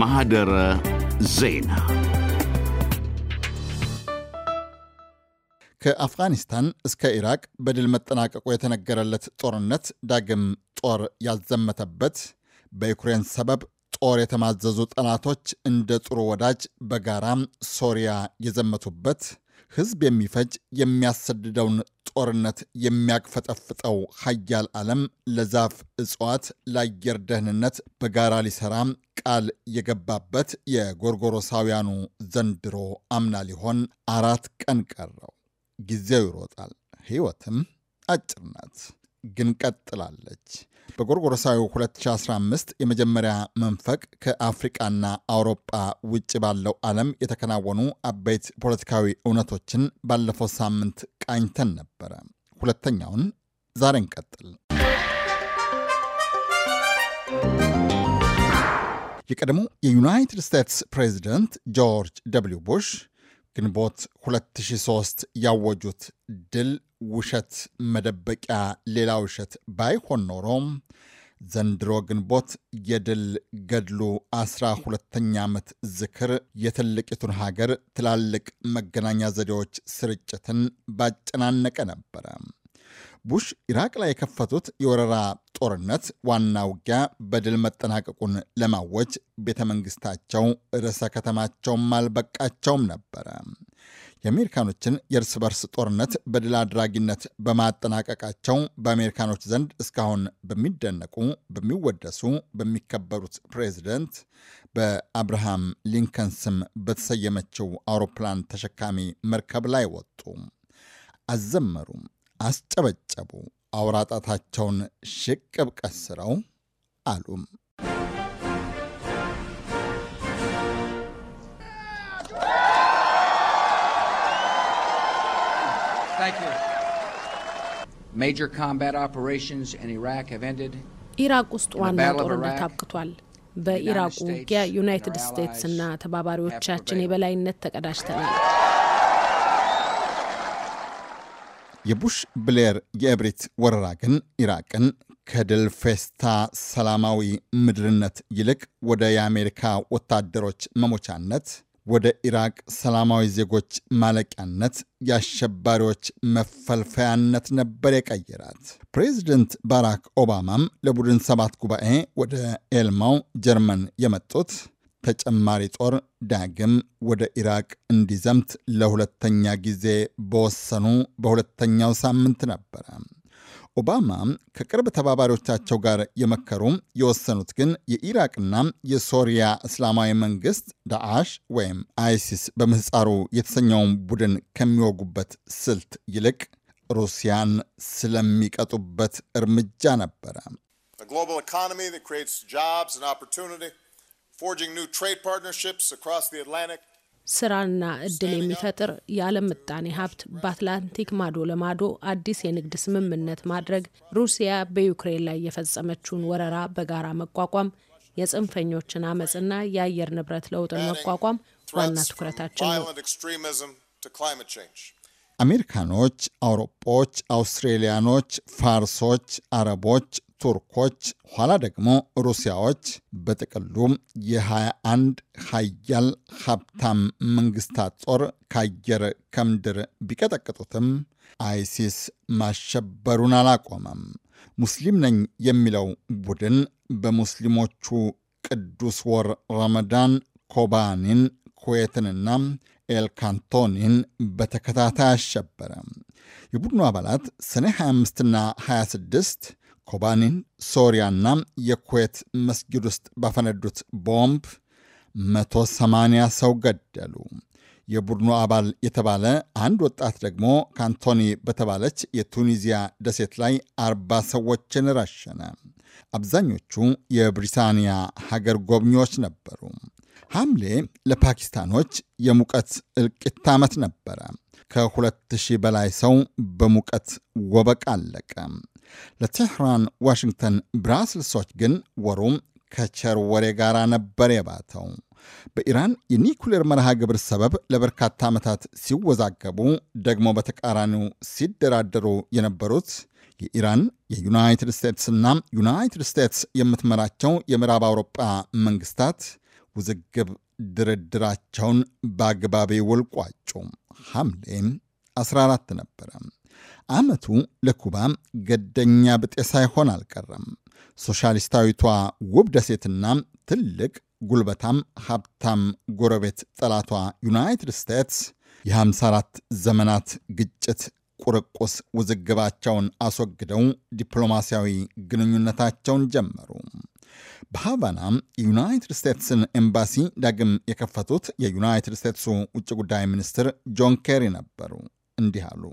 ማህደረ ዜና ከአፍጋኒስታን እስከ ኢራቅ በድል መጠናቀቁ የተነገረለት ጦርነት ዳግም ጦር ያዘመተበት በዩክሬን ሰበብ ጦር የተማዘዙ ጠላቶች እንደ ጥሩ ወዳጅ በጋራም ሶሪያ የዘመቱበት ህዝብ የሚፈጅ የሚያሰድደውን ጦርነት የሚያቅፈጠፍጠው ሀያል ዓለም ለዛፍ እጽዋት፣ ለአየር ደህንነት በጋራ ሊሰራ ቃል የገባበት የጎርጎሮሳውያኑ ዘንድሮ አምና ሊሆን አራት ቀን ቀረው። ጊዜው ይሮጣል፣ ህይወትም አጭር ናት፣ ግን ቀጥላለች። በጎርጎረሳዊ 2015 የመጀመሪያ መንፈቅ ከአፍሪቃና አውሮጳ ውጭ ባለው ዓለም የተከናወኑ አበይት ፖለቲካዊ እውነቶችን ባለፈው ሳምንት ቃኝተን ነበረ። ሁለተኛውን ዛሬ እንቀጥል። የቀድሞ የዩናይትድ ስቴትስ ፕሬዚደንት ጆርጅ ደብሊው ቡሽ ግንቦት 2003 ያወጁት ድል ውሸት መደበቂያ ሌላ ውሸት ባይሆን ኖሮ ዘንድሮ ግንቦት የድል ገድሉ አስራ ሁለተኛ ዓመት ዝክር የትልቂቱን ሀገር ትላልቅ መገናኛ ዘዴዎች ስርጭትን ባጨናነቀ ነበረ። ቡሽ ኢራቅ ላይ የከፈቱት የወረራ ጦርነት ዋና ውጊያ በድል መጠናቀቁን ለማወጅ ቤተመንግስታቸው ርዕሰ ከተማቸውም አልበቃቸውም ነበረ። የአሜሪካኖችን የእርስ በርስ ጦርነት በድል አድራጊነት በማጠናቀቃቸው በአሜሪካኖች ዘንድ እስካሁን በሚደነቁ፣ በሚወደሱ፣ በሚከበሩት ፕሬዚደንት በአብርሃም ሊንከን ስም በተሰየመችው አውሮፕላን ተሸካሚ መርከብ ላይ ወጡ፣ አዘመሩ፣ አስጨበጨቡ፣ አውራጣታቸውን ሽቅብ ቀስረው አሉም። ኢራቅ ውስጥ ዋና ጦርነት አብቅቷል። በኢራቁ ውጊያ ዩናይትድ እና ተባባሪዎቻችን የበላይነት ተቀዳጅተናል። የቡሽ ብሌር የእብሪት ወረራ ግን ኢራቅን ከድል ፌስታ ሰላማዊ ምድርነት ይልቅ ወደ የአሜሪካ ወታደሮች መሞቻነት፣ ወደ ኢራቅ ሰላማዊ ዜጎች ማለቂያነት፣ የአሸባሪዎች መፈልፈያነት ነበር የቀየራት። ፕሬዚደንት ባራክ ኦባማም ለቡድን ሰባት ጉባኤ ወደ ኤልማው ጀርመን የመጡት ተጨማሪ ጦር ዳግም ወደ ኢራቅ እንዲዘምት ለሁለተኛ ጊዜ በወሰኑ በሁለተኛው ሳምንት ነበረ። ኦባማ ከቅርብ ተባባሪዎቻቸው ጋር የመከሩ የወሰኑት ግን የኢራቅና የሶሪያ እስላማዊ መንግስት ዳአሽ ወይም አይሲስ በምህፃሩ የተሰኘውን ቡድን ከሚወጉበት ስልት ይልቅ ሩሲያን ስለሚቀጡበት እርምጃ ነበረ። ስራና እድል የሚፈጥር የዓለም ምጣኔ ሀብት በአትላንቲክ ማዶ ለማዶ አዲስ የንግድ ስምምነት ማድረግ፣ ሩሲያ በዩክሬን ላይ የፈጸመችውን ወረራ በጋራ መቋቋም፣ የጽንፈኞችን አመፅና የአየር ንብረት ለውጥን መቋቋም ዋና ትኩረታችን ነው። አሜሪካኖች፣ አውሮጶች፣ አውስትሬሊያኖች፣ ፋርሶች፣ አረቦች፣ ቱርኮች፣ ኋላ ደግሞ ሩሲያዎች በጥቅሉ የ21 ሀያል ሀብታም መንግስታት ጦር ከአየር ከምድር ቢቀጠቅጡትም አይሲስ ማሸበሩን አላቆመም። ሙስሊም ነኝ የሚለው ቡድን በሙስሊሞቹ ቅዱስ ወር ረመዳን ኮባኒን፣ ኩዌትንና ኤልካንቶኒን በተከታታይ አሸበረ። የቡድኑ አባላት ሰኔ 25ና 26 ኮባኒን፣ ሶሪያና የኩዌት መስጊድ ውስጥ ባፈነዱት ቦምብ 180 ሰው ገደሉ። የቡድኑ አባል የተባለ አንድ ወጣት ደግሞ ካንቶኒ በተባለች የቱኒዚያ ደሴት ላይ 40 ሰዎችን ረሸነ። አብዛኞቹ የብሪታንያ ሀገር ጎብኚዎች ነበሩ። ሐምሌ ለፓኪስታኖች የሙቀት እልቂት ዓመት ነበረ። ከሁለት ሺህ በላይ ሰው በሙቀት ወበቅ አለቀ። ለቴህራን ዋሽንግተን፣ ብራስልሶች ግን ወሩም ከቸር ወሬ ጋር ነበር የባተው። በኢራን የኒኩሌር መርሃ ግብር ሰበብ ለበርካታ ዓመታት ሲወዛገቡ ደግሞ በተቃራኒው ሲደራደሩ የነበሩት የኢራን የዩናይትድ ስቴትስና ዩናይትድ ስቴትስ የምትመራቸው የምዕራብ አውሮጳ መንግስታት ውዝግብ ድርድራቸውን በአግባቢ ውል ቋጩ። ሐምሌ 14 ነበረ። ዓመቱ ለኩባ ገደኛ ብጤ ሳይሆን አልቀረም። ሶሻሊስታዊቷ ውብ ደሴትና ትልቅ ጉልበታም ሀብታም ጎረቤት ጠላቷ ዩናይትድ ስቴትስ የ54 ዘመናት ግጭት ቁርቁስ ውዝግባቸውን አስወግደው ዲፕሎማሲያዊ ግንኙነታቸውን ጀመሩ። በሀቫና የዩናይትድ ስቴትስን ኤምባሲ ዳግም የከፈቱት የዩናይትድ ስቴትሱ ውጭ ጉዳይ ሚኒስትር ጆን ኬሪ ነበሩ። እንዲህ አሉ።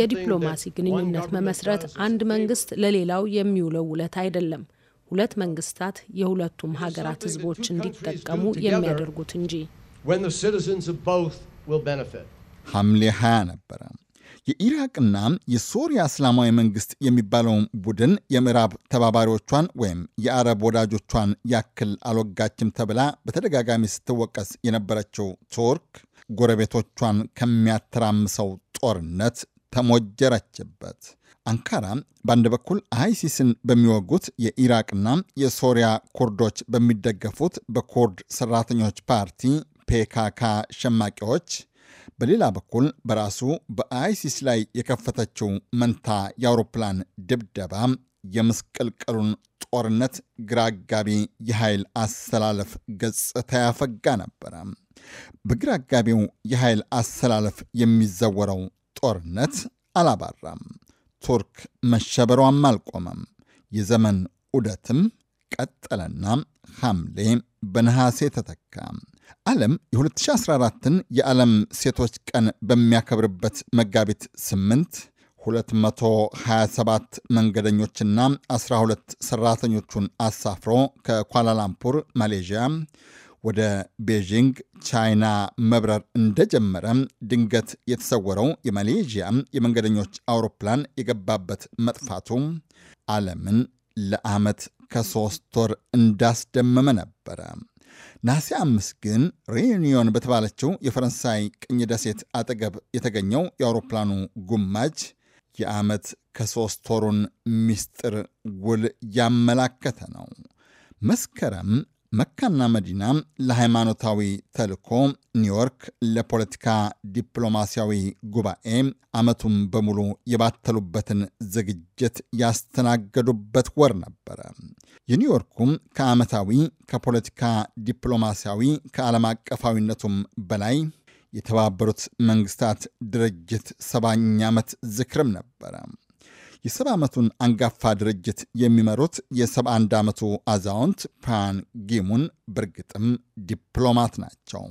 የዲፕሎማሲ ግንኙነት መመስረት አንድ መንግስት ለሌላው የሚውለው ውለት አይደለም ሁለት መንግስታት የሁለቱም ሀገራት ህዝቦች እንዲጠቀሙ የሚያደርጉት እንጂ። ሐምሌ 20 ነበረ የኢራቅና የሶሪያ እስላማዊ መንግስት የሚባለውን ቡድን የምዕራብ ተባባሪዎቿን ወይም የአረብ ወዳጆቿን ያክል አልወጋችም ተብላ በተደጋጋሚ ስትወቀስ የነበረችው ቱርክ ጎረቤቶቿን ከሚያተራምሰው ጦርነት ተሞጀረችበት። አንካራ በአንድ በኩል አይሲስን በሚወጉት የኢራቅና የሶሪያ ኩርዶች በሚደገፉት በኩርድ ሰራተኞች ፓርቲ ፔካካ ሸማቂዎች በሌላ በኩል በራሱ በአይሲስ ላይ የከፈተችው መንታ የአውሮፕላን ድብደባ የምስቅልቅሉን ጦርነት ግራጋቢ የኃይል አሰላለፍ ገጽታ ያፈጋ ነበረ። በግራጋቢው የኃይል አሰላለፍ የሚዘወረው ጦርነት አላባራም። ቱርክ መሸበሯም አልቆመም። የዘመን ዑደትም ቀጠለና ሐምሌ በነሐሴ ተተካም። ዓለም የ2014ን የዓለም ሴቶች ቀን በሚያከብርበት መጋቢት 8 227 መንገደኞችና 12 ሰራተኞቹን አሳፍሮ ከኳላላምፑር ማሌዥያ ወደ ቤዥንግ ቻይና መብረር እንደጀመረ ድንገት የተሰወረው የማሌዥያ የመንገደኞች አውሮፕላን የገባበት መጥፋቱ ዓለምን ለዓመት ከሦስት ወር እንዳስደመመ ነበረ። ነሐሴ አምስት ግን ሪዩኒዮን በተባለችው የፈረንሳይ ቅኝ ደሴት አጠገብ የተገኘው የአውሮፕላኑ ጉማጅ የዓመት ከሦስት ወሩን ምስጢር ውል ያመላከተ ነው። መስከረም መካና መዲና ለሃይማኖታዊ ተልኮ፣ ኒውዮርክ ለፖለቲካ ዲፕሎማሲያዊ ጉባኤ ዓመቱን በሙሉ የባተሉበትን ዝግጅት ያስተናገዱበት ወር ነበረ። የኒውዮርኩም ከዓመታዊ ከፖለቲካ ዲፕሎማሲያዊ ከዓለም አቀፋዊነቱም በላይ የተባበሩት መንግስታት ድርጅት ሰባኛ ዓመት ዝክርም ነበረ። የሰባ ዓመቱን አንጋፋ ድርጅት የሚመሩት የ71 ዓመቱ አዛውንት ፓን ጊሙን በእርግጥም ዲፕሎማት ናቸው።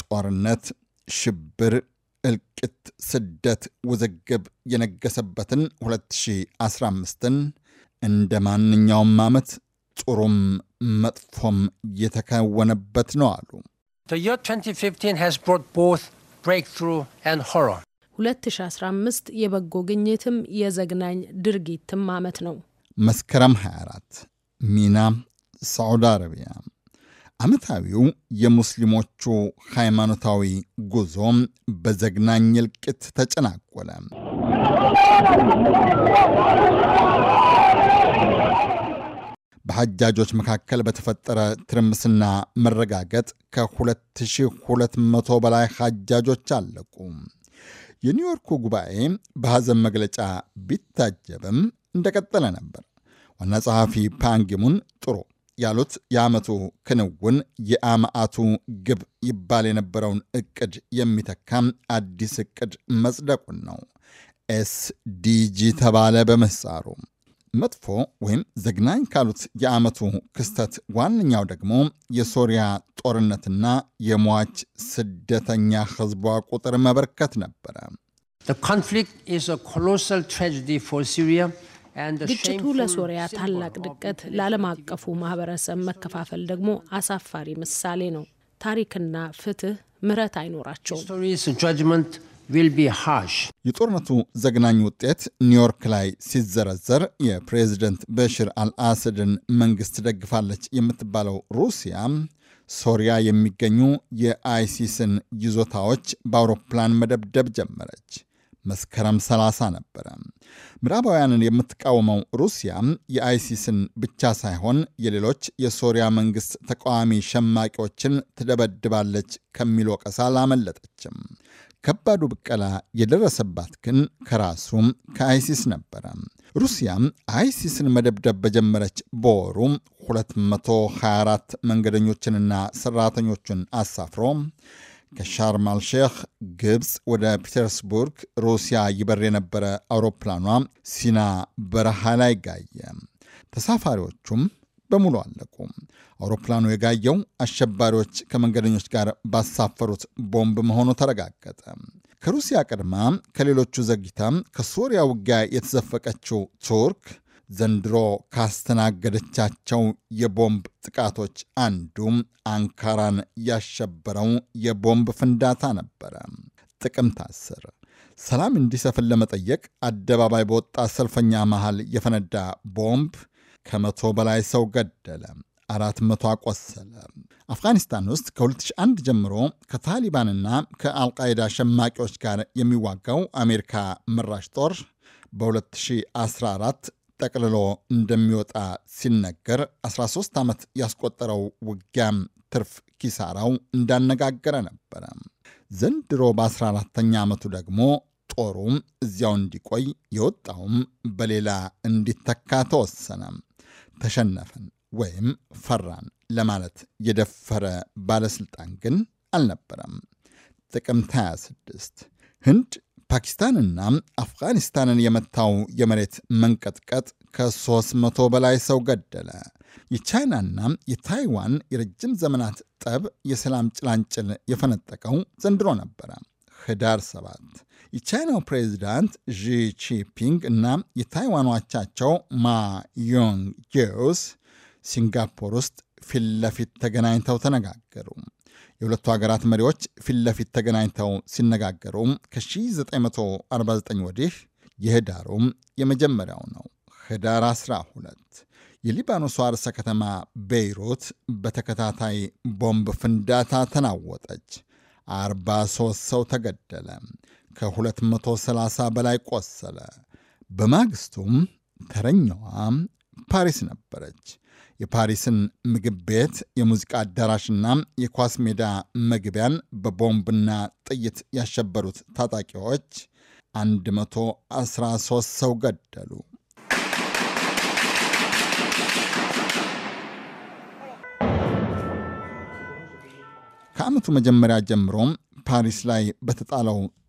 ጦርነት፣ ሽብር፣ እልቅት፣ ስደት፣ ውዝግብ የነገሰበትን 2015ን እንደ ማንኛውም ዓመት ጥሩም መጥፎም የተከወነበት ነው አሉ። The year 2015 has brought both breakthrough and horror. 2015 የበጎ ግኝትም የዘግናኝ ድርጊትም ዓመት ነው። መስከረም 24 ሚና ሳዑዲ አረቢያ። ዓመታዊው የሙስሊሞቹ ሃይማኖታዊ ጉዞም በዘግናኝ እልቂት ተጨናቆለ። በሐጃጆች መካከል በተፈጠረ ትርምስና መረጋገጥ ከ2200 በላይ ሐጃጆች አለቁ። የኒውዮርኩ ጉባኤ በሐዘን መግለጫ ቢታጀብም እንደቀጠለ ነበር። ዋና ጸሐፊ ፓንጊሙን ጥሩ ያሉት የዓመቱ ክንውን የአማአቱ ግብ ይባል የነበረውን እቅድ የሚተካም አዲስ እቅድ መጽደቁን ነው። ኤስዲጂ ተባለ በምህጻሩ። መጥፎ ወይም ዘግናኝ ካሉት የዓመቱ ክስተት ዋነኛው ደግሞ የሶሪያ ጦርነትና የሟች ስደተኛ ሕዝቧ ቁጥር መበርከት ነበረ። ግጭቱ ለሶሪያ ታላቅ ድቀት፣ ለዓለም አቀፉ ማህበረሰብ መከፋፈል ደግሞ አሳፋሪ ምሳሌ ነው። ታሪክና ፍትህ ምረት አይኖራቸውም። የጦርነቱ ዘግናኝ ውጤት ኒውዮርክ ላይ ሲዘረዘር የፕሬዝደንት በሽር አልአሰድን መንግስት ደግፋለች የምትባለው ሩሲያ ሶሪያ የሚገኙ የአይሲስን ይዞታዎች በአውሮፕላን መደብደብ ጀመረች። መስከረም 30 ነበረ። ምዕራባውያንን የምትቃወመው ሩሲያ የአይሲስን ብቻ ሳይሆን የሌሎች የሶሪያ መንግሥት ተቃዋሚ ሸማቂዎችን ትደበድባለች ከሚል ወቀሳ አላመለጠችም። ከባዱ ብቀላ የደረሰባት ግን ከራሱም ከአይሲስ ነበረ። ሩሲያም አይሲስን መደብደብ በጀመረች በወሩ 224 መንገደኞችንና ሰራተኞችን አሳፍሮ ከሻርማልሼክ ግብፅ ወደ ፒተርስቡርግ ሩሲያ ይበር የነበረ አውሮፕላኗ ሲና በረሃ ላይ ጋየ። ተሳፋሪዎቹም በሙሉ አለቁ። አውሮፕላኑ የጋየው አሸባሪዎች ከመንገደኞች ጋር ባሳፈሩት ቦምብ መሆኑ ተረጋገጠ። ከሩሲያ ቀድማ ከሌሎቹ ዘግይታ ከሶሪያ ውጊያ የተዘፈቀችው ቱርክ ዘንድሮ ካስተናገደቻቸው የቦምብ ጥቃቶች አንዱ አንካራን ያሸበረው የቦምብ ፍንዳታ ነበረ። ጥቅምት 10 ሰላም እንዲሰፍን ለመጠየቅ አደባባይ በወጣ ሰልፈኛ መሃል የፈነዳ ቦምብ ከመቶ በላይ ሰው ገደለ፣ 400 አቆሰለ። አፍጋኒስታን ውስጥ ከ2001 ጀምሮ ከታሊባንና ከአልቃይዳ ሸማቂዎች ጋር የሚዋጋው አሜሪካ መራሽ ጦር በ2014 ጠቅልሎ እንደሚወጣ ሲነገር 13 ዓመት ያስቆጠረው ውጊያም ትርፍ ኪሳራው እንዳነጋገረ ነበረ። ዘንድሮ በ14ተኛ ዓመቱ ደግሞ ጦሩም እዚያው እንዲቆይ የወጣውም በሌላ እንዲተካ ተወሰነ። ተሸነፍን ወይም ፈራን ለማለት የደፈረ ባለሥልጣን ግን አልነበረም። ጥቅምት 26 ህንድ ፓኪስታንና አፍጋኒስታንን የመታው የመሬት መንቀጥቀጥ ከ300 በላይ ሰው ገደለ። የቻይናና የታይዋን የረጅም ዘመናት ጠብ የሰላም ጭላንጭል የፈነጠቀው ዘንድሮ ነበረ። ህዳር 7 የቻይናው ፕሬዚዳንት ዢቺፒንግ እና የታይዋን አቻቸው ማዮንግ ጄውስ ሲንጋፖር ውስጥ ፊት ለፊት ተገናኝተው ተነጋገሩ። የሁለቱ ሀገራት መሪዎች ፊት ለፊት ተገናኝተው ሲነጋገሩ ከ1949 ወዲህ የህዳሩም የመጀመሪያው ነው። ህዳር 12 የሊባኖስ ርዕሰ ከተማ ቤይሩት በተከታታይ ቦምብ ፍንዳታ ተናወጠች። 43 ሰው ተገደለ። ከ230 በላይ ቆሰለ። በማግስቱም ተረኛዋ ፓሪስ ነበረች። የፓሪስን ምግብ ቤት፣ የሙዚቃ አዳራሽና የኳስ ሜዳ መግቢያን በቦምብና ጥይት ያሸበሩት ታጣቂዎች 113 ሰው ገደሉ። ከዓመቱ መጀመሪያ ጀምሮ ፓሪስ ላይ በተጣለው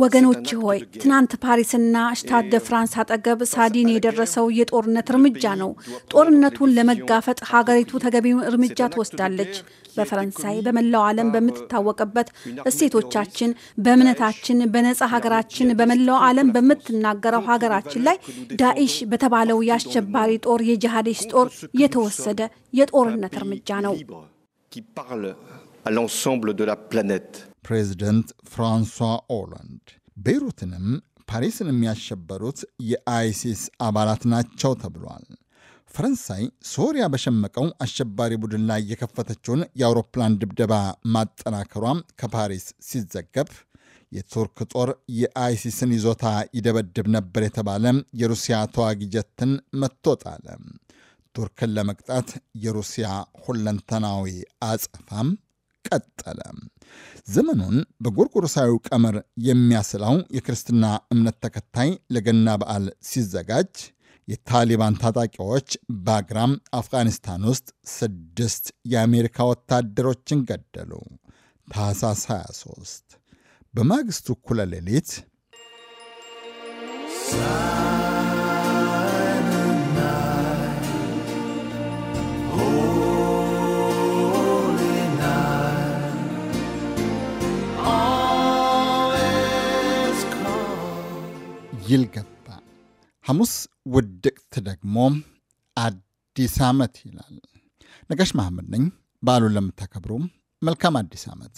ወገኖች ሆይ ትናንት ፓሪስና ሽታት ደ ፍራንስ አጠገብ ሳዲን የደረሰው የጦርነት እርምጃ ነው። ጦርነቱን ለመጋፈጥ ሀገሪቱ ተገቢውን እርምጃ ትወስዳለች። በፈረንሳይ በመላው ዓለም በምትታወቅበት እሴቶቻችን፣ በእምነታችን፣ በነፃ ሀገራችን በመላው ዓለም በምትናገረው ሀገራችን ላይ ዳኢሽ በተባለው የአሸባሪ ጦር የጂሃዲስት ጦር የተወሰደ የጦርነት እርምጃ ነው። ፕሬዚደንት ፍራንሷ ኦላንድ ቤይሩትንም ፓሪስን የሚያሸበሩት የአይሲስ አባላት ናቸው ተብሏል። ፈረንሳይ ሶሪያ በሸመቀው አሸባሪ ቡድን ላይ የከፈተችውን የአውሮፕላን ድብደባ ማጠናከሯ ከፓሪስ ሲዘገብ የቱርክ ጦር የአይሲስን ይዞታ ይደበድብ ነበር የተባለ የሩሲያ ተዋጊ ጀትን ጣለ። ቱርክን ለመቅጣት የሩሲያ ሁለንተናዊ አጸፋም ቀጠለ። ዘመኑን በጎርጎርሳዊ ቀመር የሚያስላው የክርስትና እምነት ተከታይ ለገና በዓል ሲዘጋጅ የታሊባን ታጣቂዎች ባግራም አፍጋኒስታን ውስጥ ስድስት የአሜሪካ ወታደሮችን ገደሉ። ታህሳስ 23 በማግስቱ እኩለ ሌሊት ይል ገባ። ሐሙስ ውድቅት ደግሞ አዲስ ዓመት ይላል። ነጋሽ መሐመድ ነኝ። በዓሉን ለምታከብሩ መልካም አዲስ ዓመት።